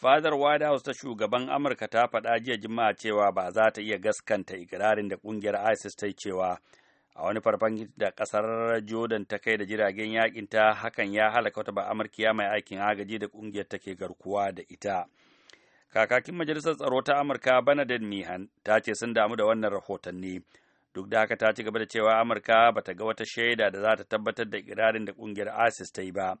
Fadar White House ta shugaban Amurka ta faɗa jiya Juma'a cewa ba za ta iya gaskanta ikirarin da ƙungiyar ISIS ta yi cewa a wani farfan da ƙasar Jordan ta kai da jiragen yakin ta hakan ya halaka wata ba Amurkiya mai aikin agaji da ƙungiyar take garkuwa da ita. Kakakin Majalisar Tsaro ta Amurka Bernadette Mihan ta ce sun damu da wannan rahotanni. Duk da haka ta ci gaba da cewa Amurka ba ta ga wata shaida da za ta tabbatar da ikirarin da ƙungiyar ISIS ta yi ba.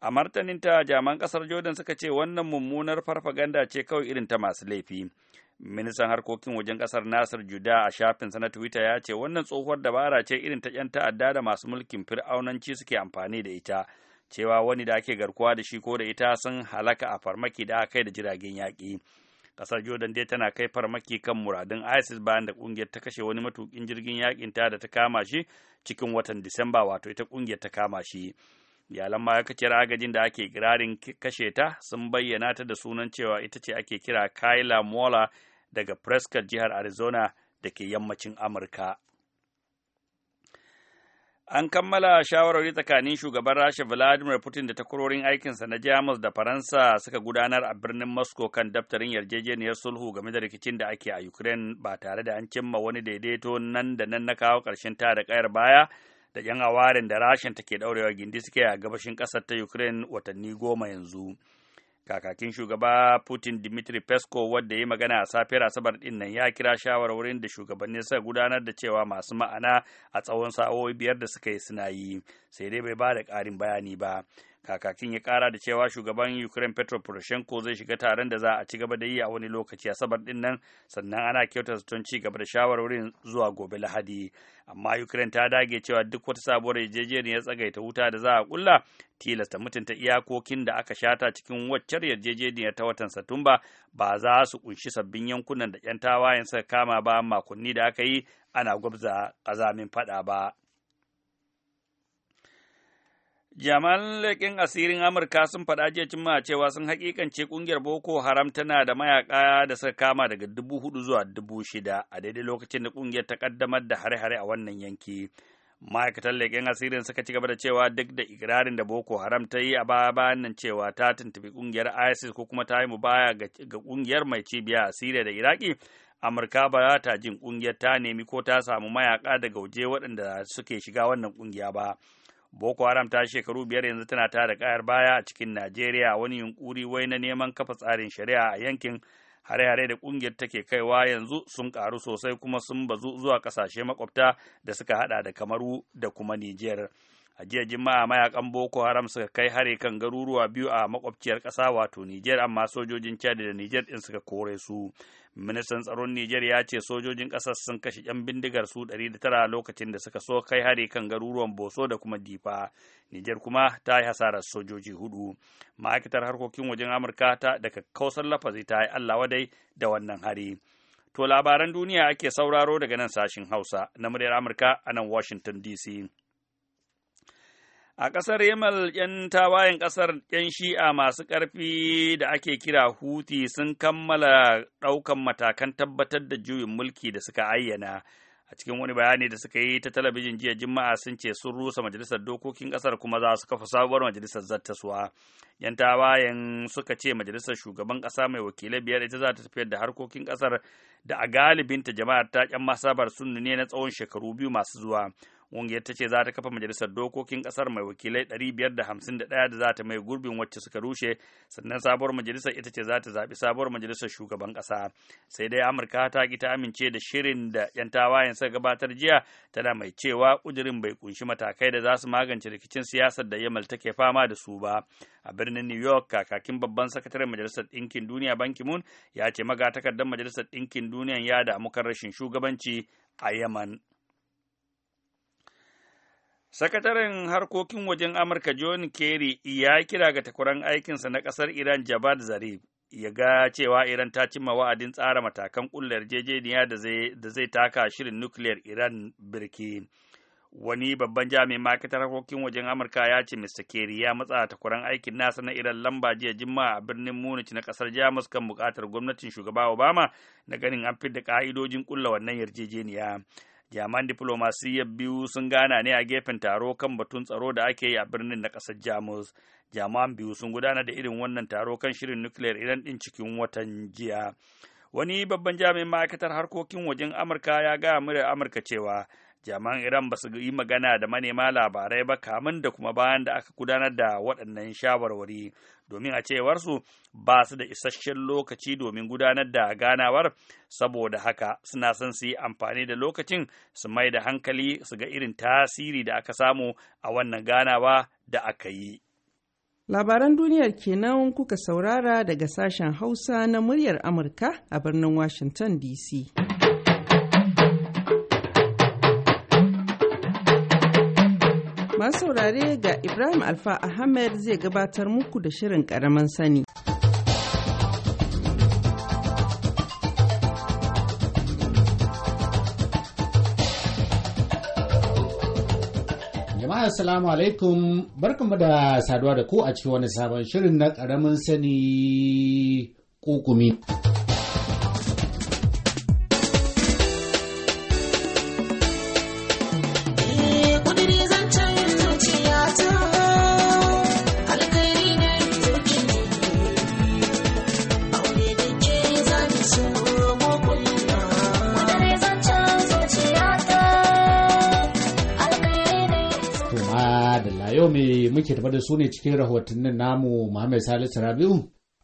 A martaninta jaman kasar Jordan suka ce wannan mummunar farfaganda ce kawai irin ta masu laifi. Ministan harkokin wajen kasar Nasir Juda a shafinsa na Twitter ya ce wannan tsohuwar dabara ce irin ta 'yan ta'adda da masu mulkin fir'aunanci suke amfani da ita. Cewa wani da ake garkuwa da shi ko da ita sun halaka a farmaki da aka da jiragen yaƙi. kasar Jordan dai tana kai farmaki kan muradun ISIS bayan da kungiyar ta kashe wani matukin jirgin yaƙin ta da ta kama shi cikin watan Disamba wato ita kungiyar ta kama shi. iyalan ma'aikaciyar agajin da ake kirarin kashe ta sun bayyana ta da sunan cewa ita ce ake kira kyla mola daga prescott jihar arizona da ke yammacin amurka an kammala shawarwari tsakanin shugaban rasha vladimir putin da takwarorin aikinsa na jamus da faransa suka gudanar a birnin moscow kan daftarin yarjejeniyar sulhu game da rikicin da ake a ukraine ba tare da an cimma wani daidaito nan da nan na kawo karshen ta da kayar baya da 'yan awarin da rashin take daurewa gindi suke a gabashin ƙasar ta ukraine watanni goma yanzu kakakin shugaba putin dmitry peskov wadda ya magana a safiyar asabar din nan ya kira shawarwarin da shugabanni suka gudanar da cewa masu ma'ana a tsawon sa'o'i biyar da suka yi suna yi sai dai bai ba da ƙarin bayani ba kakakin ya kara da cewa shugaban ukraine petro poroshenko zai shiga taron da za a ci gaba da yi a wani lokaci asabar din nan sannan ana kyauta zaton ci gaba da shawarwarin zuwa gobe lahadi amma ukraine ta dage cewa duk wata sabuwar yarjejeniyar tsagaita wuta da za a kulla tilasta mutunta iyakokin da aka shata cikin waccar yarjejeniyar ta watan satumba ba za su kunshi sabbin yankunan da 'yan tawayen suka kama ba makonni da aka yi ana gwabza azamin fada ba. Jami'an leƙin asirin Amurka sun faɗa jiya cimma cewa sun haƙiƙance ƙungiyar Boko Haram tana da mayaƙa da suka kama daga dubu hudu zuwa dubu shida a daidai lokacin da ƙungiyar ta ƙaddamar da hare-hare a wannan yanki. Ma'aikatan leƙen asirin suka ci gaba da cewa duk da ikirarin da Boko Haram ta yi a baya bayan nan cewa ta tuntuɓi ƙungiyar ISIS ko kuma ta yi mu mubaya ga ƙungiyar mai cibiya a Siriya da Iraki. Amurka ba za ta jin ƙungiyar ta nemi ko ta samu mayaƙa daga waje waɗanda suke shiga wannan ƙungiya ba. Boko Haram ta shekaru biyar yanzu tana tada kayar baya a cikin Najeriya wani yunkuri wai na neman kafa tsarin shari'a a yankin hare-hare da kungiyar take kaiwa yanzu sun ƙaru sosai kuma sun bazu zuwa kasashe makwabta da suka hada da Kamaru da kuma Nijar. a jiya jima'a mayakan boko haram suka kai hare kan garuruwa biyu a makwabciyar ƙasa wato niger amma sojojin chad da niger ɗin suka kore su ministan tsaron niger ya ce sojojin ƙasar sun kashe 'yan bindigar su ɗari da 109 lokacin da suka so kai hare kan garuruwan boso da kuma difa niger kuma ta yi hasarar sojoji hudu ma'aikatar harkokin wajen amurka ta daga kausar lafazi ta yi allah wadai da wannan hari to labaran duniya ake sauraro daga nan sashin hausa na muryar amurka a nan washington dc A ƙasar Yamal, ‘yan tawayen ƙasar ‘yan shi'a masu ƙarfi da ake kira Huti sun kammala ɗaukan matakan tabbatar da juyin mulki da suka ayyana. A cikin wani bayani da suka yi ta talabijin jiya Juma'a sun ce sun rusa majalisar dokokin ƙasar kuma za su kafa sabuwar majalisar zattaswa. ‘Yan tawayen suka ce majalisar shugaban ƙasa mai wakilai biyar ita za ta tafiyar da harkokin ƙasar da a galibinta jama'ar ta ‘yan masabar sun ne na tsawon shekaru biyu masu zuwa. ƙungiyar ta ce za ta kafa majalisar dokokin ƙasar mai wakilai biyar da za ta mai gurbin wacce suka rushe sannan sabuwar majalisar ita ce za ta zaɓi sabuwar majalisar shugaban ƙasa sai dai amurka ta ƙi ta amince da shirin da 'yan tawayen suka gabatar jiya tana mai cewa ƙudurin bai ƙunshi matakai da za su magance rikicin siyasar da yamal take fama da su ba a birnin new york kakakin babban sakataren majalisar ɗinkin duniya ban mun ya ce magatakardar majalisar ɗinkin duniya ya damu kan rashin shugabanci a yaman Sakataren harkokin wajen Amurka John Kerry ya kira ga takwaran aikinsa na ƙasar Iran Javad Zarif ya ga cewa Iran ta cimma wa'adin tsara matakan ƙulla yarjejeniya da zai taka shirin nukiliyar Iran birki. Wani babban jami'in ma'aikatar harkokin wajen Amurka ya ce Mr. Kerry ya matsa takwaran aikin nasa na Iran lamba jiya Juma'a a birnin Munich na ƙasar Jamus kan buƙatar gwamnatin shugaba Obama na ganin an fidda ƙa'idojin ƙulla wannan yarjejeniya. jaman diflomasiyyar biyu sun gana ne a gefen taro kan batun tsaro da ake yi a birnin na ƙasar jamus jaman biyu sun gudana da irin wannan taro kan shirin nukiliyar idan ɗin cikin watan jiya wani babban jami'in ma'aikatar harkokin wajen amurka ya gaya murya amurka cewa jami'an iran ba su yi magana da manema labarai ba kamun da kuma bayan da aka gudanar da waɗannan shawarwari domin a cewar su ba su da isasshen lokaci domin gudanar da ganawar saboda haka suna son su yi amfani da lokacin su mai da hankali su ga irin tasiri da aka samu a wannan ganawa da aka yi labaran duniyar kenan kuka saurara daga sashen hausa na muryar amurka a birnin washington dc Masu saurare ga Ibrahim Alfa Ahmed zai gabatar muku da shirin karaman sani. Jama'a Assalamu alaikum barkanmu da saduwa da ku a cikin wani sabon shirin na karamin sani kukumi. muke tafa da su ne cikin rahotannin namu Muhammad Salisu Rabiu.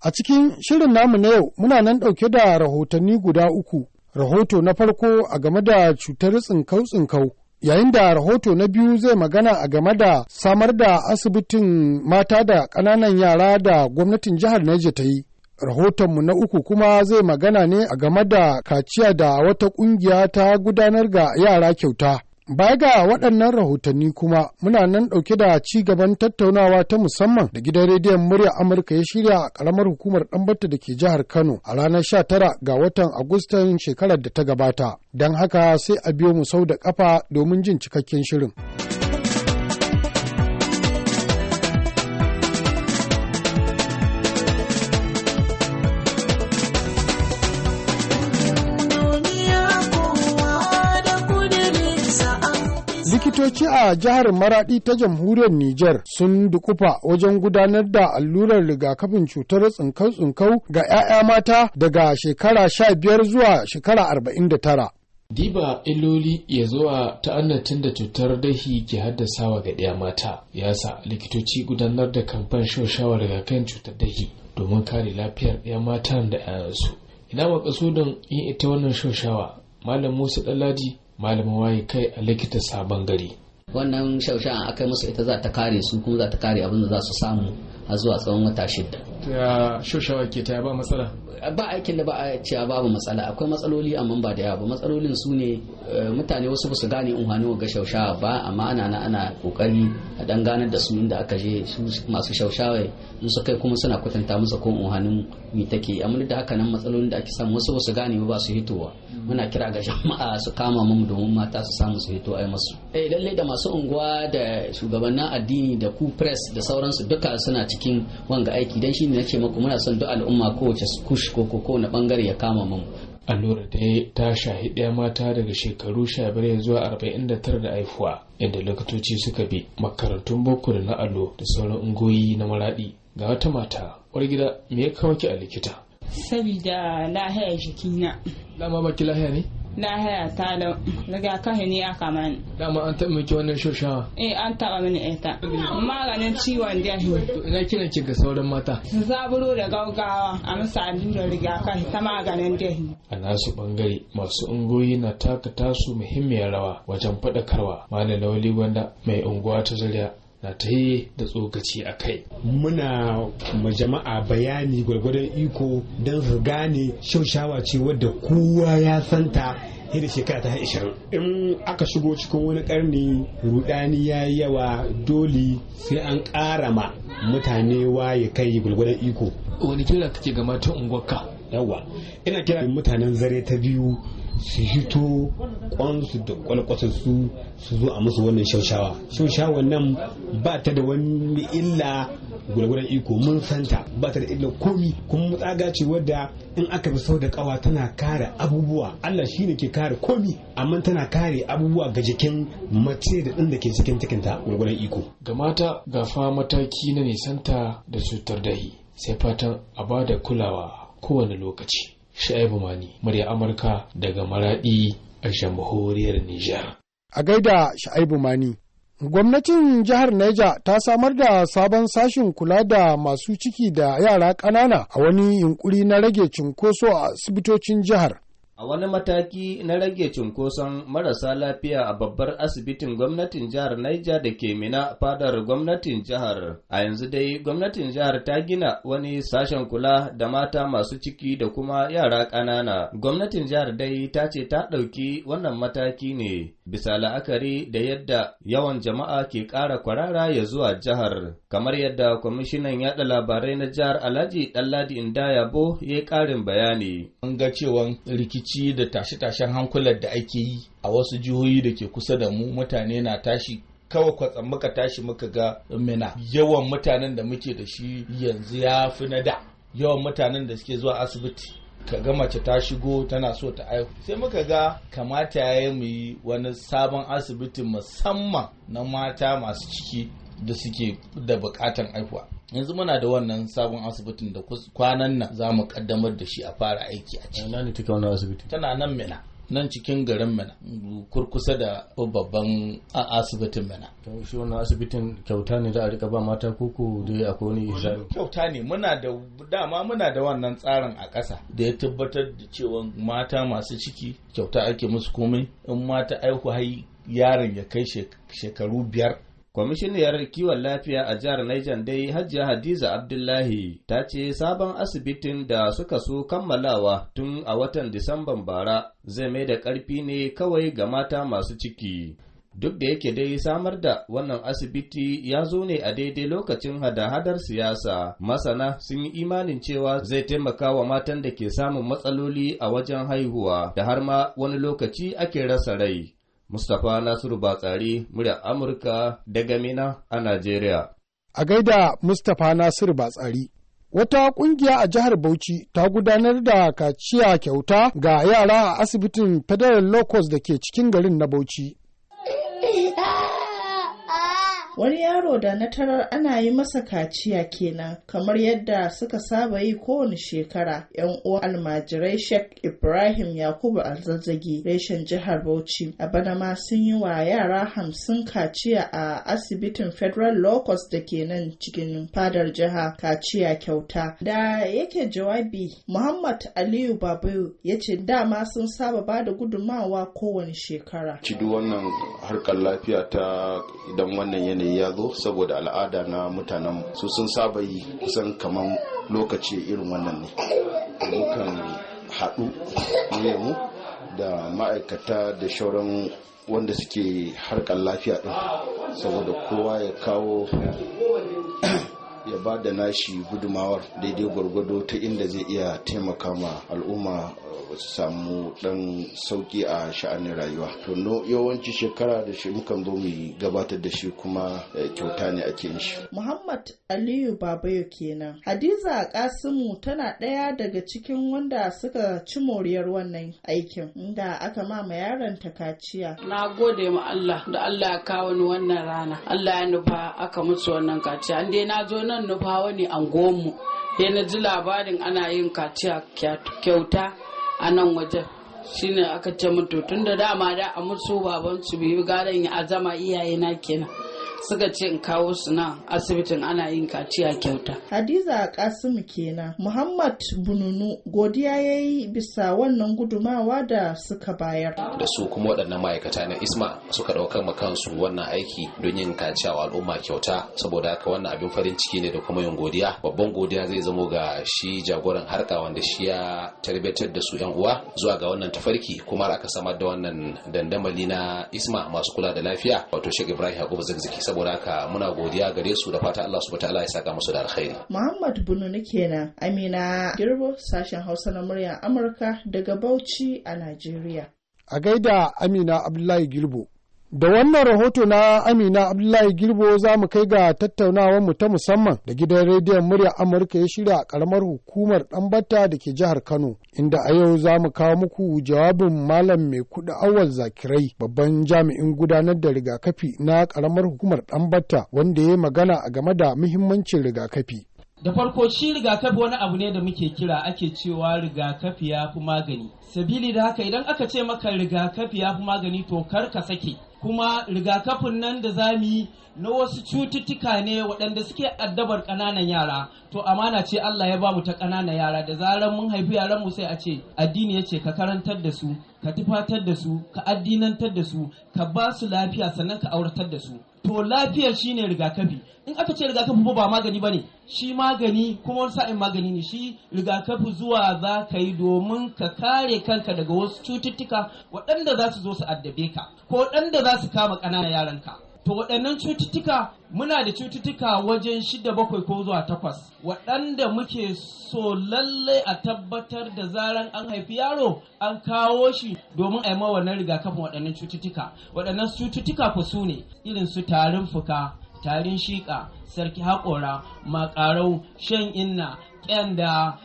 A cikin shirin namu na yau muna nan ɗauke da rahotanni guda uku. Rahoto na farko a game da cutar tsinkau-tsinkau, yayin da rahoto na biyu zai magana a game da samar da asibitin mata da ƙananan yara da gwamnatin jihar Niger ta yi. Rahotonmu na uku kuma zai magana ne a game da kaciya da wata ƙungiya ta gudanar ga yara kyauta. Baya ga waɗannan rahotanni kuma muna nan ɗauke da ci gaban tattaunawa ta musamman da gidan rediyon murya Amurka ya shirya a ƙaramar hukumar ɗanbata da ke jihar Kano a ranar 19 ga watan Agustan shekarar da ta gabata. Don haka sai a biyo mu sau da ƙafa domin jin cikakken shirin. Likitoci a jihar maraɗi ta jamhuriyar Nijar sun dukufa wajen gudanar da allurar rigakafin cutar tsinkau-tsinkau ga 'ya'ya mata daga shekara sha biyar zuwa shekara arba'in da tara. Diba iloli ya zuwa ta'annatin da cutar dahi ke haddasawa ga ɗaya mata ya sa likitoci gudanar da kamfan shawar daga kan cutar dahi domin kare lafiyar ɗaya matan da 'ya'yansu. Ina makasudin yin ita wannan shashawa Malam Musa Ɗanladi malamin waye kai a likita sabon gari wannan shaushan kai musu ita za ta kare su kuma za ta kare abin da za su samu a zuwa tsawon wata shida ya shaushawa wake ta ba matsala ba aikin da ba a cewa babu matsala akwai matsaloli amma ba da yawa ba matsalolin su ne eh, mutane wasu ba su gane hannu ga shaushawa ba amma ana na ana kokari a dan ganar da su inda aka je masu shaushawa in su kai kuma suna kwatanta musu ko hannu mi take amma da haka nan matsalolin da ake samu wasu ba su gane ba su hitowa muna kira ga jama'a su kama mu domin mata su samu su fito ai masu eh lalle da masu unguwa da shugabannin addini da ku press da sauransu duka suna cikin wanga aiki dan shine nace maku muna son duk al'umma kowace kush ko ko na bangare ya kama mu allura dai ta shahi ɗaya mata daga shekaru 15 zuwa 49 da haifuwa inda lokatoci suka bi makarantun boko da na allo da sauran ungoyi na maraɗi ga wata mata war gida me ya kawo ki a likita Sabida lahaya jikina. Dama maki lahaya ne? Lahaya ta da rigakafi ne aka mani. Dama an taɓa miki wannan shoshawa? Eh an taɓa mini ita. Maganin ciwon dahi. To ina kiran ki ga sauran mata? Su zaburo da gaugawa a musu allurar rigakafi ta maganin dahi. A nasu bangare masu ungoyi na taka tasu muhimmiyar rawa wajen faɗakarwa. Malam Lawali Gwanda mai unguwa ta Zuriya na ta yi da tsokaci a kai muna ma jama'a bayani gwargwadon iko don su gane shaushawa ce wadda kowa ya santa da shekara ta ishirin in aka shigo cikin wani karni rudani ya yi yawa dole sai an karama mutane waye kai gwargwadon iko wani kira kake ga matan unguwarka yawa ina kira mutanen zare ta biyu su hito kwansu da kwalkwasa su su zo a musu wannan shaushawa shaushawa nan ba ta da wani illa gwargwaron iko mun santa ba ta da illa komi kuma mutsaga ce wadda in aka bi sau da kawa tana kare abubuwa Allah shi ne ke kare komi amma tana kare abubuwa ga jikin mace da ɗin da ke cikin cikinta gwargwaron iko ga mata ga fa mataki na nisanta da cutar dahi sai fatan a ba da kulawa kowane lokaci Sha'ibu Mani, murya Amurka daga Maradi a jamhuriyar Nijar. A gaida Sha'ibu Mani, gwamnatin jihar Neja ta samar da sabon sashin kula da masu ciki da yara ƙanana a wani yunkuri na rage cunkoso a asibitocin jihar. A wani mataki na rage cunkoson marasa lafiya a babbar asibitin gwamnatin jihar Niger da ke mina fadar gwamnatin jihar. A yanzu dai gwamnatin jihar ta gina wani sashen kula da mata masu ciki da kuma yara ƙanana. Gwamnatin jihar dai ta ce ta ɗauki wannan mataki ne bisa la'akari da yadda yawan jama'a ke ƙara kwarara ya zuwa jihar. kamar yadda kwamishinan yada labarai na jihar alhaji ɗanladi yabo ya yi ƙarin bayani an ga cewa rikici da tashe-tashen hankulan da ake yi a wasu jihohi da ke kusa da mu mutane na tashi kawai kwatsam muka tashi muka ga mina yawan mutanen da muke da shi yanzu ya fi na da yawan mutanen da suke zuwa asibiti ka ga mace ta shigo tana so ta aihu sai muka ga kamata ya yi mu yi wani sabon asibiti musamman na mata masu ciki da suke da bukatan aihuwa. yanzu muna da wannan sabon asibitin da kwanan nan za mu kaddamar da shi a fara aiki a ciki asibiti tana nan mina nan cikin garin mina kurkusa da babban asibitin mina shi wannan asibitin kyauta ne za a rika ba mata koko da ya wani kyauta ne muna da dama muna da wannan tsarin a ƙasa da ya tabbatar da cewa mata masu ciki kyauta ake musu komai in mata aihu hai yaron ya kai shekaru biyar Kwamishiniyar kiwon lafiya a jihar Niger dai Hajiya Hadiza Abdullahi ta ce sabon asibitin da suka so kammalawa tun a watan Disamban bara zai mai da ƙarfi ne kawai ga mata masu ciki. Duk da yake dai samar da wannan asibiti ya zo ne a daidai lokacin hada-hadar siyasa, masana sun yi imanin cewa zai taimaka wa matan da ke samun matsaloli a wajen haihuwa da har ma wani lokaci ake rasa rai. Mustapha Nasiru Batsari, muryar Amurka daga Mina a Najeriya. A gaida Mustapha Nasiru Batsari. Wata kungiya a jihar Bauchi ta gudanar da kaciya kyauta ga yara a asibitin Federal Locus da ke cikin garin na Bauchi. Wani yaro da na tarar ana yi masa kaciya kenan kamar yadda suka saba yi kowane shekara yan uwan almajirai Sheikh Ibrahim Yakubu Alzazzagi reshen jihar Bauchi a bana ma sun yi wa yara hamsin kaciya a asibitin Federal locus da ke nan cikin fadar jiha kaciya kyauta. Da yake jawabi Muhammad Aliyu Babu ya ce dama sun saba ba da gudummawa kowane shekara. Ci wannan harkar lafiya ta idan wannan yanayi ne ya zo saboda al'ada na mutanen su sun saba yi kusan kamar lokaci irin wannan ne mukan haɗu mu da ma'aikata da shauran wanda suke harkar lafiya ɗin saboda kowa ya kawo ya ba da nashi gudumawar daidai gwargwado ta inda zai iya taimaka ma al'umma uh, su samu dan sauki a sha'anin rayuwa to yawanci shekara da shi mukan zo mu gabatar da shi kuma uh, kyauta ne ake yin shi muhammad aliyu babayo kenan hadiza kasimu tana ɗaya daga cikin wanda suka ci moriyar wannan aikin inda aka ma yaron ta kaciya na gode ma allah da allah ya kawo ni wannan rana allah ya nufa aka mutu wannan kaciya an na zo nan wani ne mu ya na ji labarin ana yin kaciya kyauta a nan wajen shine aka ce mutu tun da dama da a musu babansu su biyu garin ya zama iyayena na kenan suka ce in kawo su nan asibitin ana yin kaciya kyauta. Hadiza Kasimu kenan Muhammad Bununu godiya ya yi bisa wannan gudumawa da suka bayar. Da su kuma waɗannan ma'aikata na Isma suka ɗaukar ma kansu wannan aiki don yin kaciya wa al'umma kyauta saboda haka wannan abin farin ciki ne da kuma yin godiya babban godiya zai zamo ga shi jagoran harka wanda shi ya tarbiyatar da su 'yan uwa zuwa ga wannan tafarki kuma aka samar da wannan dandamali na Isma masu kula da lafiya wato Sheikh Ibrahim Yakubu Zakzaki saboda haka muna godiya gare su da fata Allah subhanahu wataala ya saka musu da alkhairi Muhammad Bununu kenan Amina Girbo sashen Hausa na murya Amurka daga Bauchi a Najeriya a gaida Amina Abdullahi Girbo Da wannan rahoto na Amina Abdullahi Girbo za mu kai ga tattaunawar mu ta musamman da gidan rediyon murya Amurka ya shirya a karamar hukumar Ɗanbata da ke jihar Kano, inda a yau za mu kawo muku jawabin Malam mai kuɗi awal zakirai babban jami'in gudanar da rigakafi na karamar hukumar Ɗanbata wanda ya magana a game da muhimmancin rigakafi. da farko shi rigakafi wani abu ne da muke kira ake cewa rigakafi ya fi magani sabili da haka idan aka ce maka rigakafi ya fi magani to kar ka sake kuma rigakafin nan da za mu yi na wasu cututtuka ne waɗanda suke addabar ƙananan yara to amana ce Allah ya bamu ta ƙananan yara da zarar mun haifi yaran mu sai a ce addini ya ce ka karantar da su ka tufatar da su ka addinantar da su ka ba su lafiya sannan ka auratar da su to lafiya shine rigakafi in aka ce rigakafi ba magani bane shi magani kuma wani sa'in magani ne shi rigakafi zuwa za ka yi domin ka kare kanka daga wasu cututtuka waɗanda za su zo su addabe ka ko waɗanda za su kama ƙananan yaranka To waɗannan cututtuka muna da cututtuka wajen shida bakwai ko zuwa takwas waɗanda muke so lallai a tabbatar da zaran an haifi yaro an kawo shi domin a yi ma wannan rigakafin waɗannan cututtuka. Waɗannan cututtuka ku su ne irin su tarin fuka, tarin shiƙa, sarki haƙora, maƙarau, shan inna, ƙyanda,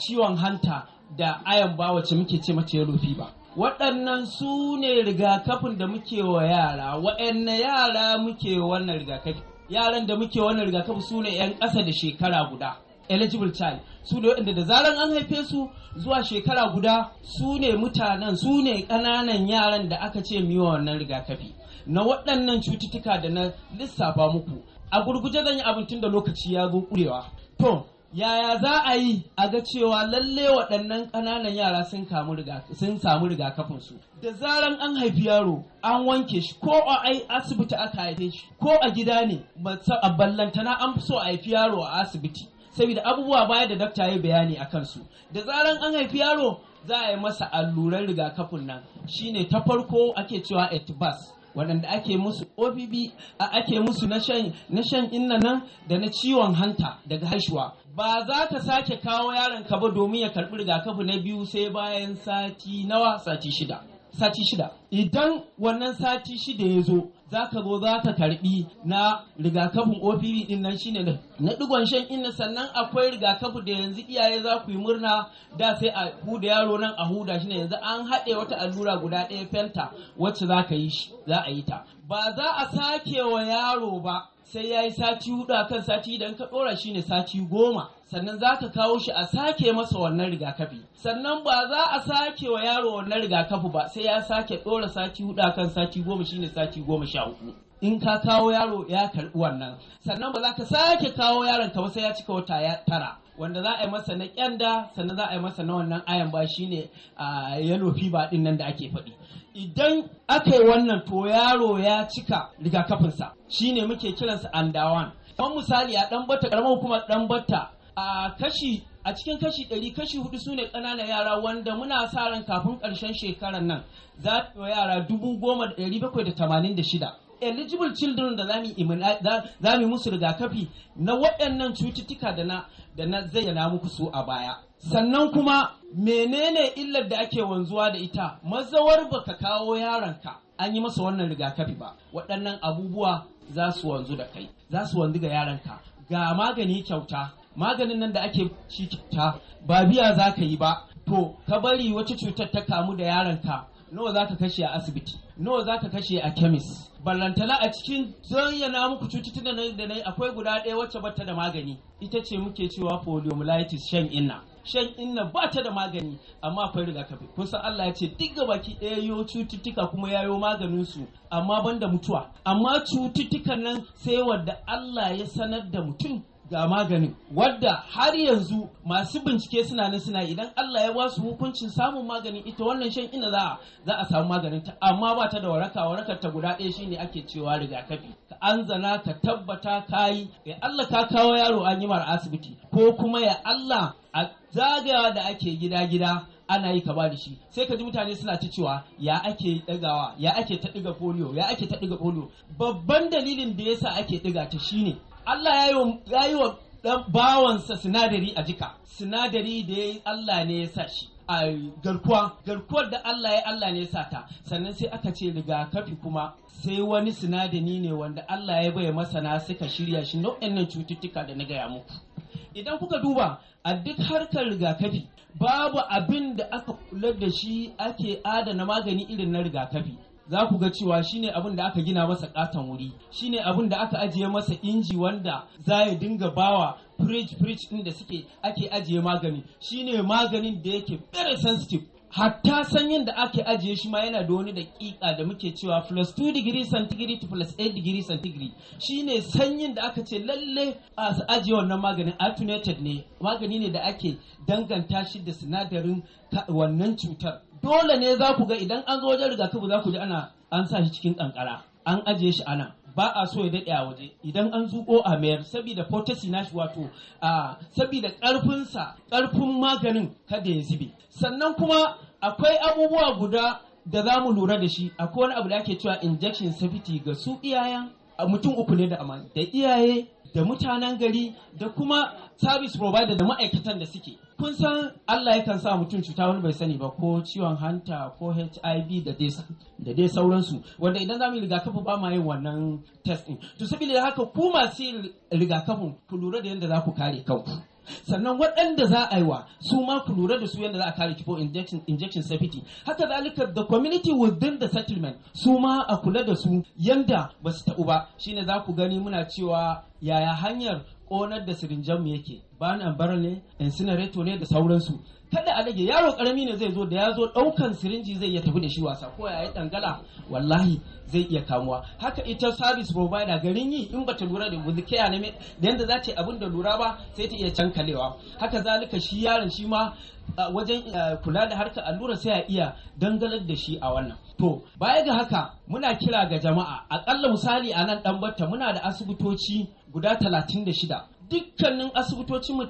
ciwon hanta da ayan ba wacce muke ce mace rufi ba. waɗannan su ne rigakafin da muke wa yara waɗanne yara muke wannan rigakafi yaran da muke wannan rigakafi su ne 'yan ƙasa da shekara guda eligible child su ne waɗanda da zaran an haife su zuwa shekara guda su ne mutanen su ne ƙananan yaran da aka ce miwa wannan rigakafi na waɗannan cututtuka da na lissafa muku a gurguje zan yi abincin da lokaci ya zo ƙurewa to yaya za a yi a ga cewa lalle waɗannan ƙananan yara sun samu rigakafin su da zaran an haifi yaro an wanke shi ko a ai asibiti aka haife shi ko a gida ne a ballantana an fi so a haifi yaro a asibiti saboda abubuwa baya da dakta ya bayani a kansu da zaran an haifi yaro za a yi masa alluran rigakafin nan shine ta farko ake cewa etbas waɗanda ake musu obb ake musu na shan na inna nan da na ciwon hanta daga haihuwa ba za ta sake kawo yaron ba domin ya karɓi rigakafi na biyu sai bayan sati nawa sati shida sati shida idan wannan sati shida ya zo za ka zo za ka karbi na rigakafin opv din nan shine na digon shan inna sannan akwai rigakafi da yanzu iyaye za ku yi murna da sai a huda yaro nan a huda shi ne yanzu an haɗe wata allura guda ɗaya fenta wacce za ka yi shi za a yi ta ba za a sake wa yaro ba sai ya yi sati hudu a kan sati idan ka ɗora shi ne sati goma sannan za ka kawo shi a sake masa wannan rigakafi sannan ba za a sake wa yaro wannan rigakafi ba sai ya sake ɗora sati hudu a kan sati goma shine sati goma sha uku in ka kawo yaro ya karɓi wannan sannan ba za ka sake kawo yaron ka sai ya cika wata tara wanda za a yi masa na kyanda sannan za a yi masa na wannan ayan ba shine a ah, yellow fever din nan da ake faɗi idan aka yi wannan to yaro ya cika rigakafinsa ne muke kiransa andawan kamar misali a ɗanbata karamar hukumar ɗanbata a kashi a cikin kashi ɗari kashi hudu su ne ƙananan yara wanda muna sa ran kafin ƙarshen shekarar nan za ta yara dubu goma da ɗari bakwai da tamanin da shida eligible children da za mu yi musu rigakafi na waɗannan cututtuka da na da na zayyana muku su a baya sannan kuma menene illar da ake wanzuwa da ita mazawar baka kawo yaronka an yi masa wannan rigakafi ba waɗannan abubuwa za su wanzu da kai za su wanzu ga yaronka ga magani kyauta maganin nan da ake ci kyauta ba biya za ka yi ba to ka bari wata cutar ta kamu da yaronka nawa za ka kashe a asibiti nawa za ka kashe a kemis ballantana a cikin zayyana muku cututtuka da akwai guda ɗaya wacce bata da magani ita ce muke cewa poliomyelitis shan inna shan inna ba ta da magani amma akwai rigakafi kusan Allah ya ce duk ga baki ɗaya yo cututtuka kuma yayo maganin su amma banda mutuwa amma cututtukan nan sai wadda Allah ya sanar da mutum ga maganin wadda har yanzu masu bincike suna nan suna idan Allah ya basu hukuncin samun maganin ita wannan shan inna za za a samu maganin ta amma ba ta da waraka warakar ta guda ɗaya shine ake cewa rigakafi ka anzana ka tabbata kayi ya Allah ka kawo yaro an yi mara asibiti ko kuma ya Allah a zagayawa da ake gida-gida ana yi kaba da shi sai ka ji mutane suna ta cewa ya ake ɗagawa ya ake ta ɗiga polio ya ake ta ɗiga polio babban dalilin da yasa ake ɗiga ta shine Allah ya yi wa bawansa sinadari a jika sinadari da ya Allah ne ya sa shi a garkuwa garkuwar da Allah ya Allah ne ya sa ta sannan sai aka ce kafi kuma sai wani sinadari ne wanda Allah ya bai masana suka shirya shi nau'in cututtuka da na gaya muku idan kuka duba a duk harkar rigakafi babu abin da aka kula da shi ake adana magani irin na rigakafi za ku ga cewa shine abin da aka gina masa katon wuri shine abin da aka ajiye masa inji wanda za ya dinga bawa fridge fridge din da suke ake ajiye magani shine maganin da yake very sensitive hatta sanyin da ake ajiye shi ma yana da wani daƙiƙa da muke cewa plus 2 degree centigrade to plus 8 degree centigrade shine sanyin da aka ce lalle a ajiye wannan maganin alternated ne magani ne da ake danganta shi da sinadarin wannan cutar dole ne za ku ga idan an zo wajen rigakafi za ku ji ana an sa shi cikin kankara an ajiye shi ana ba a so ya daɗe a waje idan an zuƙo a mayar saboda potassium nashi wato a saboda ƙarfinsa ƙarfin maganin kada ya zube sannan kuma akwai abubuwa guda da za mu lura da shi akwai wani abu da ake cewa injection safety ga su iyayen mutum uku ne da amani da iyaye da mutanen gari da kuma service provider da ma'aikatan da suke kun san Allah ya kan sa mutum cuta wani bai sani ba ko ciwon hanta ko HIV da dai sauransu wanda idan za mu yi rigakafi ba ma yin wannan test din to saboda haka ku masu rigakafin ku lura da yadda za ku kare kanku sannan waɗanda za a yi wa su ma ku lura da su yadda za a kare kifo injection safety haka zalika the community within the settlement su ma a kula da su yadda ba su taɓu ba shine za ku gani muna cewa yaya hanyar ƙonar da sirinjam yake bani ambara ne incinerator ne da sauransu kada a rage yaro karami ne zai zo da ya zo ɗaukan sirinji zai iya tafi da shi wasa ko ya yi dangala wallahi zai iya kamuwa haka ita service provider garin yi in bata lura da muzikaya na da yadda za ta yi abin da lura ba sai ta iya cankalewa haka zalika shi yaron shi ma wajen kula da harka allura sai a iya dangalar da shi a wannan to baya ga haka muna kira ga jama'a akalla misali a nan batta muna da asibitoci guda talatin da shida dukkanin asibitocinmu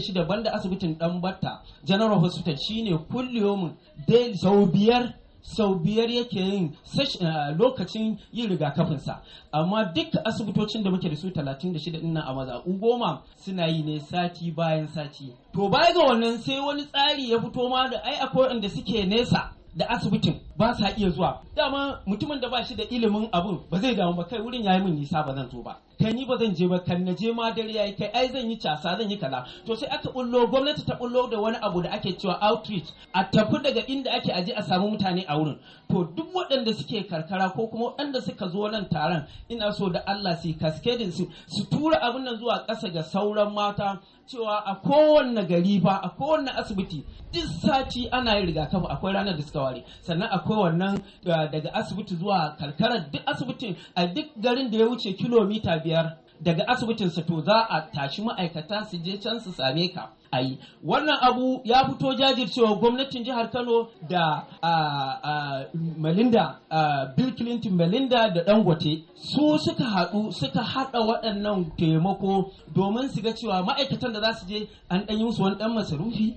shida banda asibitin dan batta general hospital shine kulliyomin daily sau biyar sau biyar yake yin eh, lokacin yin rigakafinsa amma duk asibitocin da muke da su talatin da shida ina a maza goma suna yi ne sati bayan sati to baya ga wannan sai wani tsari ya fito ma da ai akwai inda suke nesa da asibitin ba sa iya zuwa dama mutumin da ba shi da ilimin abun ba zai damu ba kai wurin yayi min nisa ba zan zo ba kai ni ba zan je ba kan na ma dare yayi kai ai zan yi casa zan yi kaza to sai aka bullo gwamnati ta bullo da wani abu da ake cewa outreach a tafi daga inda ake aje a samu mutane a wurin to duk waɗanda suke karkara ko kuma waɗanda suka zo nan taron ina so da Allah su cascading su su tura abin nan zuwa ƙasa ga sauran mata cewa a kowanne gari ba a kowanne asibiti duk sati ana yin rigakafi akwai ranar da suka ware sannan a akwai wannan eh, daga asibiti zuwa karkara duk asibitin a duk garin da ya wuce kilomita biyar daga asibitinsa to za a tashi ma'aikata su je can su same ka a yi wannan abu ya fito jajircewa gwamnatin jihar kano da melinda bill clinton melinda da dangote su suka haɗu suka haɗa waɗannan taimako domin su ga cewa ma'aikatan da za su je an ɗan yi musu wani ɗan masarufi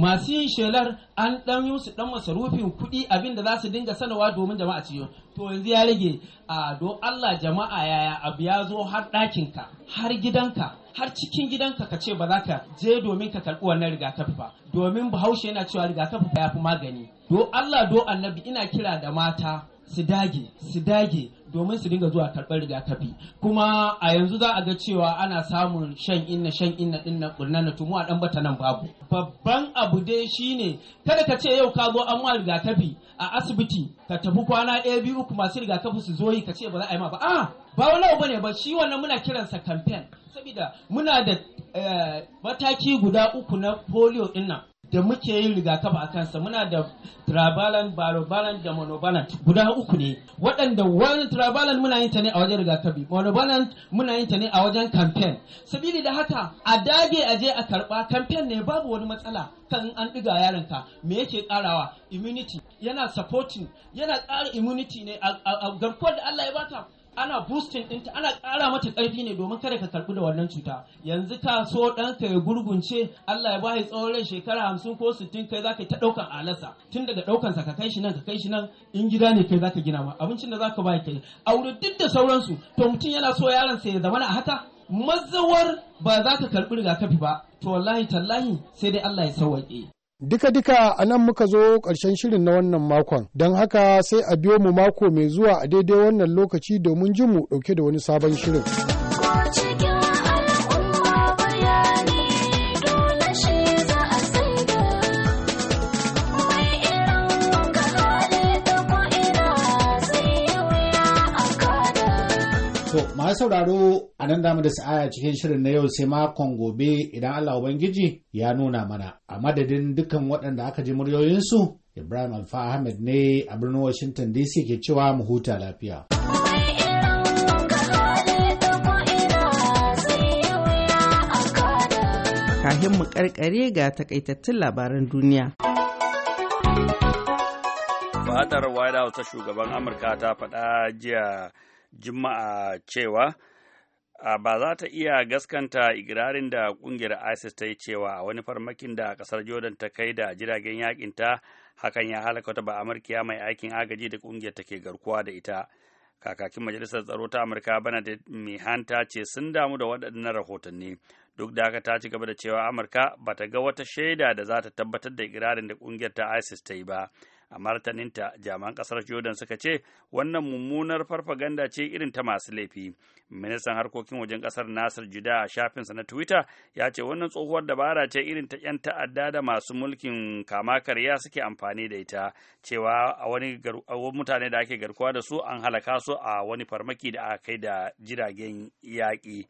masu yin shelar an ɗan yi musu ɗan masarufin kuɗi abin da za su dinga sanawa domin jama'a ciyo to yanzu ya rage a do Allah jama'a yaya abu ya zo har ɗakinka har gidanka har cikin gidanka ka ce ba za ka je domin ka karɓi wannan rigakafi ba domin bahaushe yana cewa rigakafi ya fi magani do Allah do annabi ina kira da mata su dage su dage domin su dinga zuwa karɓar rigakafi kuma a yanzu za a ga cewa ana samun shan inna shan inna dinnan na na tumu a ɗan bata nan babu babban abu dai shine kada ka ce yau ka zo an wa rigakafi a asibiti ka tafi kwana ɗaya biyu uku masu rigakafi su zo yi ka ce ba za a yi ma ba a ba wani abu ne ba shi wannan muna kiransa campaign saboda muna da eh, mataki guda uku na polio dinnan da muke yin rigakafi a kansa muna da trabalan barobalan da monobalan guda uku ne waɗanda wani trabalan muna yin ta ne a wajen rigakafi monobalan muna yin ta ne a wajen kamfen sabili da haka a dage a je a karɓa kamfen ne babu wani matsala kan an ɗiga yaron ka me yake ƙarawa immunity yana supporting yana ƙara immunity ne a garkuwar da Allah ya baka ana boosting ɗinta ana ƙara mata ƙarfi ne domin kada ka karɓi da wannan cuta yanzu ta so ɗanka ya gurgunce Allah ya bashi tsawon rai shekara hamsin ko sittin kai zaka ta ɗaukan alasa tun daga sa ka kai shi nan ka kai shi nan in gida ne kai zaka gina ma abincin da zaka ba kai aure duk da sauransu to mutum yana so yaron sa ya zama a haka mazawar ba za ka karɓi rigakafi ba to wallahi tallahi sai dai Allah ya sauwaƙe Duka-duka a nan muka zo ƙarshen shirin na wannan makon, don haka sai a biyo mu mako mai zuwa a daidai wannan lokaci domin jin mu ɗauke da wani sabon shirin. To, masu sauraro a nan damu da sa'aya cikin shirin na yau sai makon gobe idan Allah Ubangiji ya nuna mana. A madadin dukkan waɗanda aka ji muryoyinsu, Ibrahim Alfa Ahmed ne a birnin Washington DC ke cewa mu huta lafiya. Kahin mu karkare ga takaitattun labaran duniya. Fadar White House ta shugaban Amurka ta faɗa jiya Juma'a cewa ba za ta iya gaskanta igirarin da kungiyar ISIS ta yi cewa a wani farmakin da kasar Jordan ta kai da jiragen yakinta hakan ya halaka wata ba'amurkiya mai aikin agaji da kungiyar take garkuwa da ita. Kakakin Majalisar Tsaro ta Amurka bana da Mihan ta ce sun damu da waɗannan rahotanni. Duk da haka ta ci gaba da cewa Amurka ba ta ga wata shaida da za ta tabbatar da igirarin da kungiyar ta ISIS ta yi ba. a martaninta jami'an kasar jordan suka ce wannan mummunar farfaganda ce irin ta masu laifi ministan harkokin wajen kasar nasir juda a shafinsa na twitter ya ce wannan tsohuwar dabara ce irin ta 'yan ta'adda da masu mulkin kama karya suke amfani da ita cewa a wani mutane da ake garkuwa da su an halaka su a wani farmaki da aka kai da jiragen yaƙi.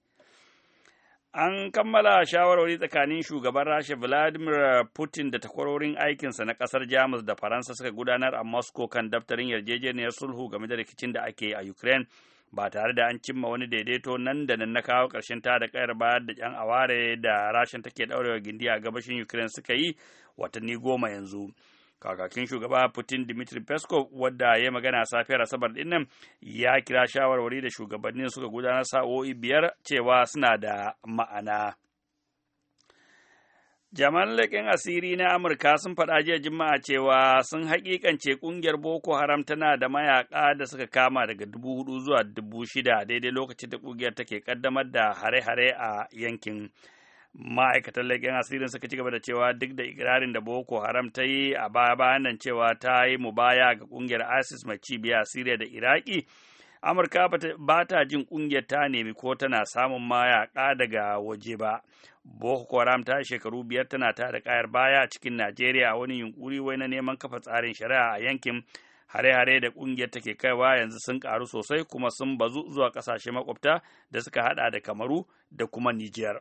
An kammala shawarwari tsakanin shugaban Rasha Vladimir Putin da takwarorin aikinsa na kasar Jamus da Faransa suka gudanar a Moscow kan daftarin yarjejeniyar sulhu game da rikicin da ake a Ukraine ba tare da an cimma wani daidaito nan da nan na kawo ƙarshen ta da ƙayar bayar da yan aware da Rasha take daurewa gindi a gabashin Ukraine suka yi watanni goma yanzu. kakakin shugaba putin dimitri peskov wadda ya magana safiyar asabar dinnan ya kira shawarwari da shugabannin suka gudanar sa'o'i biyar cewa suna da ma'ana jaman leƙen asiri na amurka sun faɗa jiya juma'a cewa sun haƙiƙance ƙungiyar boko haram tana da mayaƙa da suka kama daga dubu hudu zuwa dubu shida daidai lokacin da ƙungiyar take ƙaddamar da hare-hare a yankin ma'aikatan leƙen asirin suka ci gaba da cewa duk da ikirarin da boko haram ta yi a baya bayan nan cewa ta yi mu baya ga ƙungiyar isis mai cibiya siriya da iraki amurka ba ta jin ƙungiyar ta nemi ko tana samun mayaƙa daga waje ba boko haram ta shekaru biyar tana ta da ƙayar baya cikin najeriya wani yunkuri wai na neman kafa tsarin shari'a a yankin hare-hare da ƙungiyar take kaiwa yanzu sun karu sosai kuma sun bazu zuwa ƙasashe makwabta da suka hada da kamaru da kuma nijiyar.